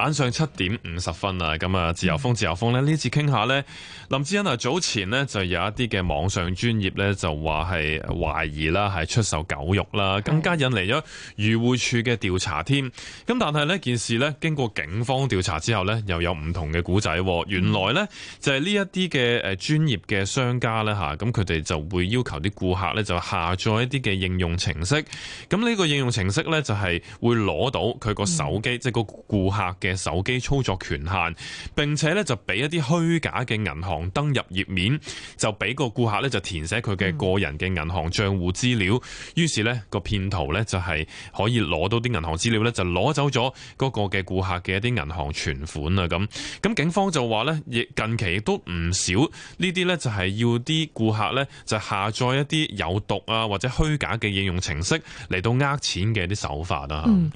晚上七點五十分啊，咁啊自由風，自由風呢，呢次傾下呢，林志恩啊早前呢，就有一啲嘅網上專頁呢，就話係懷疑啦，係出售狗肉啦，更加引嚟咗漁護署嘅調查添。咁但係呢件事呢，經過警方調查之後呢，又有唔同嘅故仔。原來呢，就係呢一啲嘅誒專頁嘅商家呢吓，咁佢哋就會要求啲顧客呢，就下載一啲嘅應用程式。咁、這、呢個應用程式呢，就係會攞到佢個手機，即係個顧客嘅。嘅手機操作權限，並且呢就俾一啲虛假嘅銀行登入頁面，就俾個顧客呢就填寫佢嘅個人嘅銀行賬戶資料。於是呢個騙徒呢，就係可以攞到啲銀行資料呢，就攞走咗嗰個嘅顧客嘅一啲銀行存款啊。咁咁警方就話呢，亦近期亦都唔少呢啲呢，就係要啲顧客呢就下載一啲有毒啊或者虛假嘅應用程式嚟到呃錢嘅啲手法啦。咁，嗯，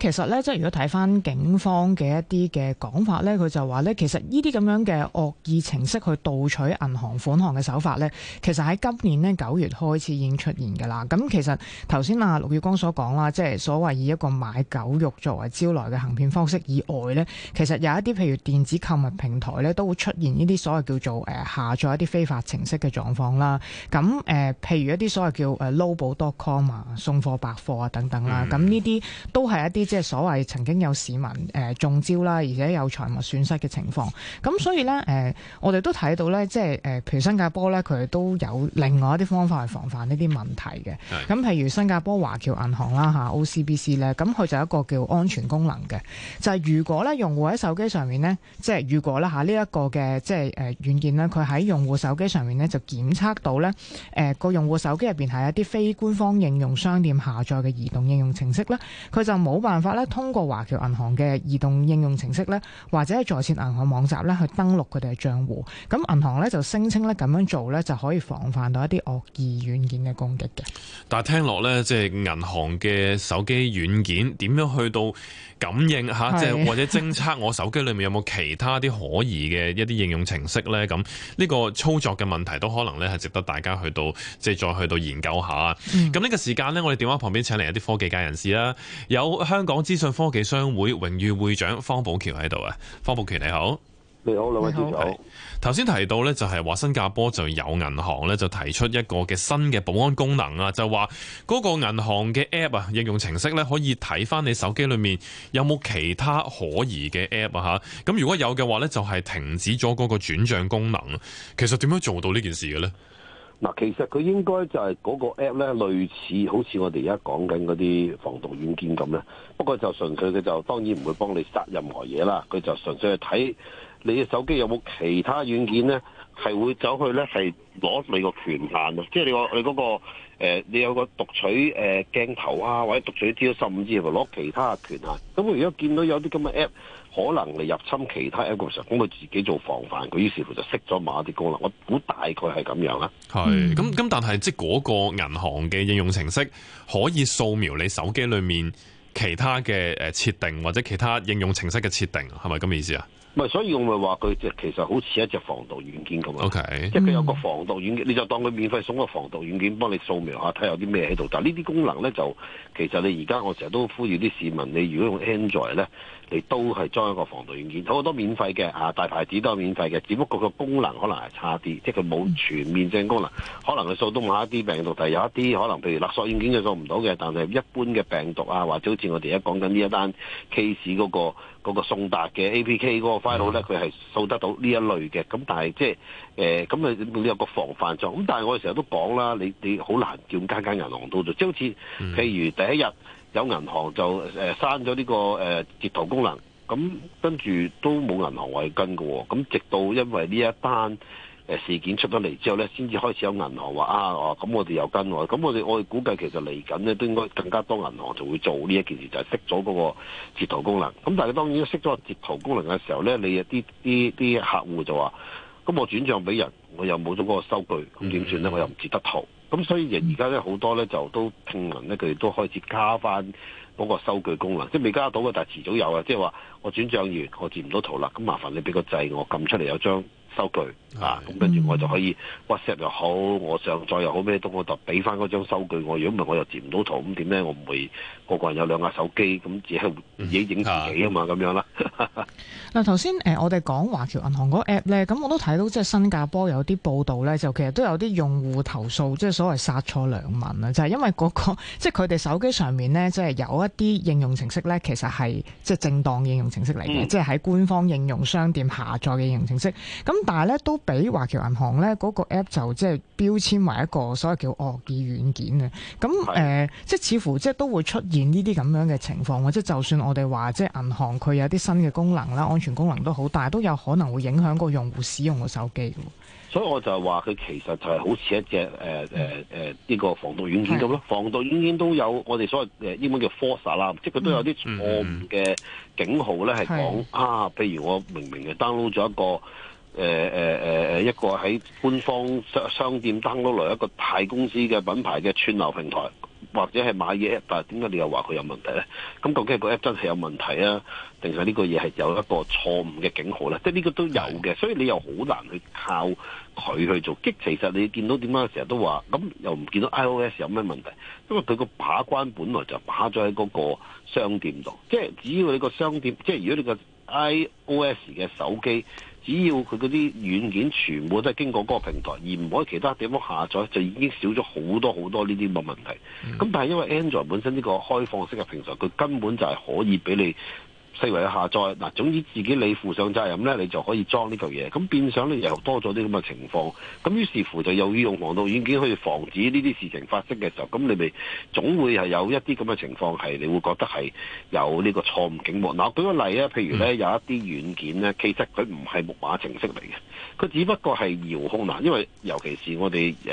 其實呢，即係如果睇翻警方。嘅一啲嘅講法咧，佢就話咧，其實呢啲咁樣嘅惡意程式去盜取銀行款項嘅手法咧，其實喺今年呢九月開始已經出現㗎啦。咁其實頭先啊陸月光所講啦，即係所謂以一個買狗肉作為招來嘅行騙方式以外咧，其實有一啲譬如電子購物平台咧都會出現呢啲所謂叫做下載一啲非法程式嘅狀況啦。咁譬如一啲所謂叫 lowball.com 啊、送貨百貨啊等等啦，咁呢啲都係一啲即係所謂曾經有市民中招啦，而且有財物損失嘅情況，咁所以咧，誒、呃、我哋都睇到咧，即係誒譬如新加坡咧，佢都有另外一啲方法去防範呢啲問題嘅。咁譬如新加坡華僑銀行啦，吓 OCBC 咧，咁佢就有一個叫安全功能嘅，就係、是、如果咧，用戶喺手機上面咧，即係如果啦吓呢一、啊這個嘅即係誒軟件咧，佢喺用戶手機上面咧就檢測到咧，誒、呃、個用戶手機入邊係一啲非官方應用商店下載嘅移動應用程式啦，佢就冇辦法咧通過華僑銀行嘅移動。用應用程式咧，或者係在線銀行網站咧，去登錄佢哋嘅賬戶。咁銀行咧就聲稱咧，咁樣做咧就可以防範到一啲惡意軟件嘅攻擊嘅。但係聽落咧，即係銀行嘅手機軟件點樣去到？感應吓，即係或者偵測我手機裏面有冇其他啲可疑嘅一啲應用程式呢？咁呢個操作嘅問題都可能咧係值得大家去到即係、就是、再去到研究下。咁、嗯、呢個時間呢，我哋電話旁邊請嚟一啲科技界人士啦，有香港資訊科技商會榮譽會長方保僑喺度啊，方保僑你好。你好，兩位主持。頭先提到咧，就係話新加坡就有銀行咧，就提出一個嘅新嘅保安功能啊，就話嗰個銀行嘅 App 啊，應用程式咧，可以睇返你手機裏面有冇其他可疑嘅 App 啊吓。咁如果有嘅話咧，就係停止咗嗰個轉賬功能。其實點樣做到呢件事嘅咧？嗱，其實佢應該就係嗰個 app 咧，類似好似我哋而家講緊嗰啲防毒軟件咁咧。不過就純粹佢就當然唔會幫你殺任何嘢啦，佢就純粹去睇你嘅手機有冇其他軟件咧，係會走去咧係攞你個權限咯。即係你話佢嗰個、呃、你有個讀取誒、呃、鏡頭啊，或者讀取資料、甚至乎攞其他嘅權限。咁我如果見到有啲咁嘅 app。可能你入侵其他一個時候，咁佢自己做防範，佢於是乎就熄咗某啲功能。我估大概係咁樣啦。係，咁咁但係即係嗰個銀行嘅應用程式可以掃描你手機裡面其他嘅誒設定或者其他應用程式嘅設定，係咪咁嘅意思啊？咪所以我咪話佢即係其實好似一隻防毒軟件咁樣，Okay. 即係佢有個防毒軟件，你就當佢免費送個防毒軟件幫你掃描下，睇下有啲咩喺度。但呢啲功能咧就其實你而家我成日都呼籲啲市民，你如果用 Android 咧，你都係裝一個防毒軟件，好多免費嘅啊，大牌子都係免費嘅。只不過個功能可能係差啲，即係佢冇全面性功能，可能佢掃到某一啲病毒，但係有一啲可能譬如勒索軟件佢掃唔到嘅，但係一般嘅病毒啊，或者好似我哋而家講緊呢一單 case 嗰個嗰個嗰個送達嘅 APK 嗰個。file 咧佢係掃得到呢一類嘅，咁但係即係誒，咁啊會有個防範咗。咁但係我哋成日都講啦，你你好難叫間間銀行都做，即係好似譬如第一日有銀行就誒刪咗呢個誒截圖功能，咁跟住都冇銀行去跟㗎喎，咁直到因為呢一單，事件出咗嚟之後呢，先至開始有銀行話啊，咁、啊啊啊啊、我哋又跟落，咁我哋我哋估計其實嚟緊呢，都應該更加多銀行就會做呢一件事，就係熄咗嗰個截圖功能。咁但係當然熄咗截圖功能嘅時候呢，你有啲啲啲客戶就話，咁我轉帳俾人，我又冇咗嗰個收據，咁點算呢？我又唔截得圖，咁所以而家呢，好多呢就都聽聞呢，佢哋都開始加翻嗰個收據功能，即未加到嘅，但係遲早有啊。即係話我轉帳完，我截唔到圖啦，咁麻煩你俾個掣我撳出嚟有張收據啊，咁跟住我就可以 WhatsApp 又好，我上載又好咩都，我就俾翻嗰張收據我。如果唔係，我又截唔到圖，咁點咧？我唔會個個人有兩架手機，咁自己自己影自己啊嘛，咁樣啦。嗱、啊，頭 先、呃、我哋講華僑銀行嗰 app 咧，咁我都睇到即係新加坡有啲報道咧，就其實都有啲用戶投訴，即係所謂殺錯良民啊，就係、是、因為嗰、那個即係佢哋手機上面咧，即係有一啲應用程式咧，其實係即係正當應用程式嚟嘅、嗯，即係喺官方應用商店下載嘅應用程式咁。但係咧都俾華僑銀行咧嗰、那個 app 就即係標籤為一個所謂叫惡意軟件嘅。咁誒、呃，即係似乎即係都會出現呢啲咁樣嘅情況喎！即係就算我哋話即係銀行佢有啲新嘅功能啦，安全功能都好，但係都有可能會影響個用戶使用個手機。所以我就話佢其實就係好似一隻誒誒誒呢個防毒軟件咁咯，防毒軟件都有我哋所謂誒英文叫 false 啦，即係佢都有啲錯誤嘅警號咧，係講啊，譬如我明明係 download 咗一個。誒、呃、誒、呃、一個喺官方商商店 download 來一個大公司嘅品牌嘅串流平台，或者係買嘢 app，點解你又話佢有問題咧？咁究竟個 app 真係有問題啊，定係呢個嘢係有一個錯誤嘅警號咧？即係呢個都有嘅，所以你又好難去靠佢去做。即係其實你見到點樣成日都話，咁又唔見到 iOS 有咩問題，因為佢個把關本來就把咗喺嗰個商店度，即係只要你個商店，即係如果你個。iOS 嘅手機，只要佢嗰啲軟件全部都係經過嗰個平台，而唔可以其他地方下載，就已經少咗好多好多呢啲嘅問題。咁、嗯、但係因為 Android 本身呢個開放式嘅平台，佢根本就係可以俾你。四圍去下載嗱，總之自己你負上責任咧，你就可以裝呢嚿嘢。咁變相咧又多咗啲咁嘅情況。咁於是乎就又要用防毒軟件去防止呢啲事情發生嘅時候，咁你咪總會係有一啲咁嘅情況係你會覺得係有呢個錯誤警報。嗱，舉個例啊，譬如咧有一啲軟件咧，其實佢唔係木馬程式嚟嘅，佢只不過係遙控嗱。因為尤其是我哋誒誒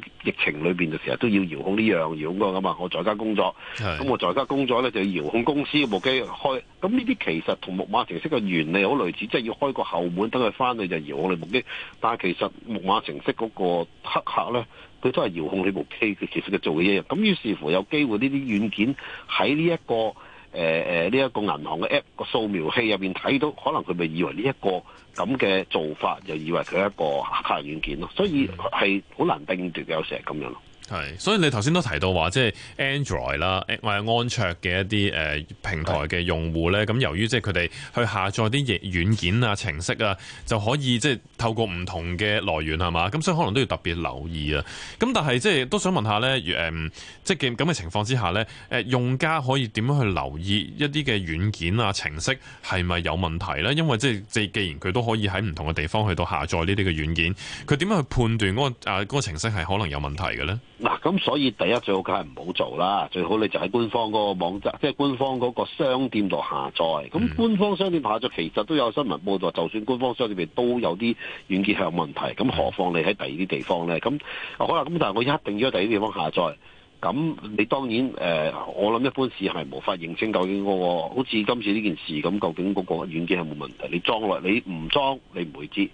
喺疫情裏邊，就成日都要遙控呢樣遙控嗰個嘛。我在家工作，咁我在家工作咧就要遙控公司部機開咁。嗯。呢啲其實同木馬程式嘅原理好類似，即係要開個後門等佢翻去就遙控你部機。但係其實木馬程式嗰個黑客呢，佢都係遙控你部機。佢其實佢做嘅一樣，咁於是乎有機會呢啲軟件喺呢一個誒誒呢一個銀行嘅 app 個掃描器入邊睇到，可能佢咪以為呢、這、一個咁嘅做法，就以為佢係一個黑客軟件咯。所以係好難定奪嘅，有時係咁樣。係，所以你頭先都提到話，即係 Android 啦，或者安卓嘅一啲誒平台嘅用戶咧，咁由於即係佢哋去下載啲軟件啊、程式啊，就可以即係透過唔同嘅來源係嘛，咁所以可能都要特別留意啊。咁但係即係都想問下咧，誒、嗯，即係咁嘅情況之下咧，誒用家可以點樣去留意一啲嘅軟件啊、程式係咪有問題咧？因為即係即既然佢都可以喺唔同嘅地方去到下載呢啲嘅軟件，佢點樣去判斷嗰個啊嗰個程式係可能有問題嘅咧？嗱，咁所以第一最好梗係唔好做啦，最好你就喺官方嗰個網站，即係官方嗰個商店度下載。咁官方商店下載其實都有新聞報道，就算官方商店入面都有啲軟件係有問題，咁何況你喺第二啲地方呢？咁好啦，咁，但係我一定要喺第二啲地方下載。咁你當然誒、呃，我諗一般事係無法認清究竟嗰個，好似今次呢件事咁，究竟嗰個軟件係冇問題？你裝落，你唔裝，你唔會知。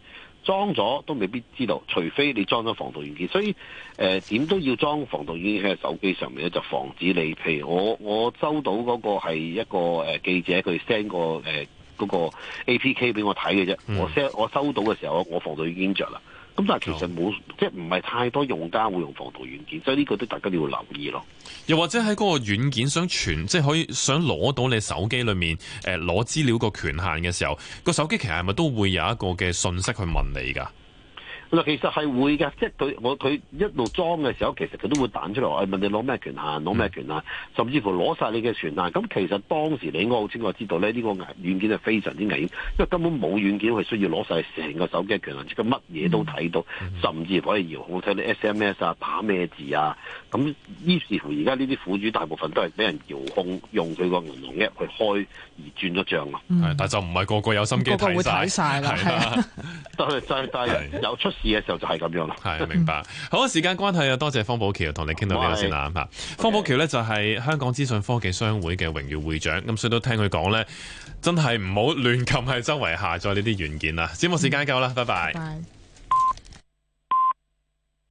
裝咗都未必知道，除非你裝咗防毒軟件。所以誒，點、呃、都要裝防毒軟件喺手機上面咧，就防止你。譬如我我收到嗰個係一個誒、呃、記者佢 send 個嗰、呃那個 APK 俾我睇嘅啫，我 send 我收到嘅時候，我防毒軟件着啦。咁但係其實冇，即係唔係太多用家會用防盜軟件，所以呢個都大家要留意咯。又或者喺嗰個軟件想傳，即係可以想攞到你手機裏面誒攞資料個權限嘅時候，個手機其實係咪都會有一個嘅訊息去問你噶？其實係會嘅，即係佢我佢一路裝嘅時候，其實佢都會彈出嚟。我問你攞咩權限，攞咩權限，甚至乎攞晒你嘅權限。咁其實當時你應該好清楚知道咧，呢個危軟件係非常之危險，因為根本冇軟件係需要攞晒成個手機嘅權限，即係乜嘢都睇到、嗯，甚至可以遙控睇啲 SMS 啊、打咩字啊。咁於是乎，而家呢啲苦主大部分都係俾人遙控用佢個銀行 App 去開而轉咗帳、啊嗯、但就唔係個個有心機睇曬，個個會睇曬、啊、 但係但係有出。呢就係、是、咁樣啦，係明白。好， 時間關係啊，多謝方保僑同你傾到呢個先啦嚇，方保僑呢、okay. 就係香港資訊科技商會嘅榮譽會長，咁所以都聽佢講呢，真係唔好亂撳喺周圍下載呢啲軟件啦。節目時間夠啦， 拜拜。